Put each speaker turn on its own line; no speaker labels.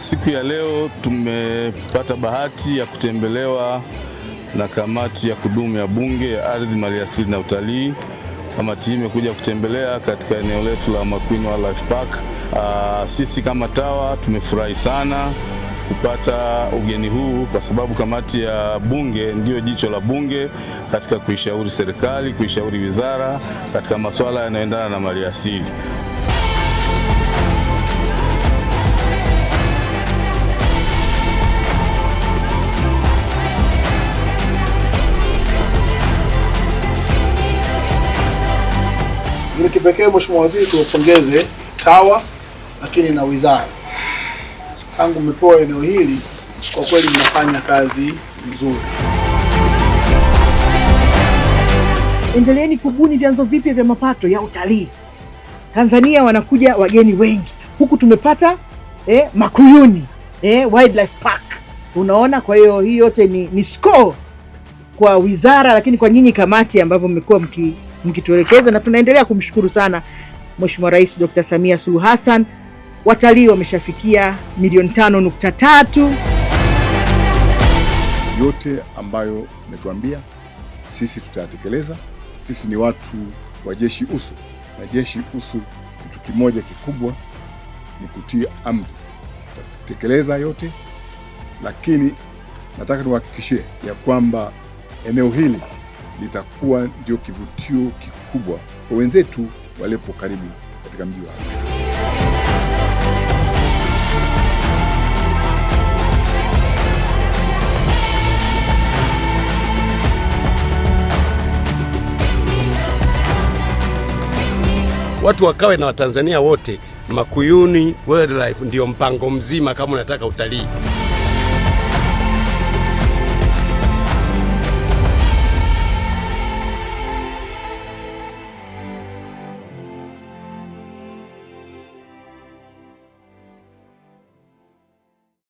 siku ya leo tumepata bahati ya kutembelewa na kamati ya kudumu ya Bunge ya Ardhi, Maliasili na Utalii. Kamati hii imekuja kutembelea katika eneo letu la Makwini Wildlife Park. Aa, ah, sisi kama TAWA tumefurahi sana kupata ugeni huu kwa sababu kamati ya Bunge ndiyo jicho la Bunge katika kuishauri serikali, kuishauri wizara katika masuala yanayoendana na maliasili.
Ni kipekee Mheshimiwa Waziri, tuwapongeze TAWA lakini na wizara, tangu mmepewa eneo hili kwa kweli mnafanya kazi nzuri.
Endeleeni kubuni vyanzo vipya vya mapato ya utalii. Tanzania wanakuja wageni wengi huku, tumepata eh, Makuyuni eh, Wildlife Park unaona. Kwa hiyo hii yote ni, ni score kwa wizara, lakini kwa nyinyi kamati ambavyo mmekuwa mki mkituelekeza, na tunaendelea kumshukuru sana Mheshimiwa Rais Dr. Samia Suluhu Hassan. Watalii wameshafikia milioni tano nukta tatu.
Yote ambayo umetuambia sisi tutayatekeleza. Sisi ni watu wa jeshi usu, na jeshi usu kitu kimoja kikubwa ni kutia amri. Tutatekeleza yote, lakini nataka tuhakikishie ya kwamba eneo hili litakuwa ndio kivutio kikubwa kwa wenzetu walipo karibu katika mji wa Arusha.
Watu wakawe na Watanzania wote, Makuyuni Wildlife ndio mpango mzima kama unataka utalii.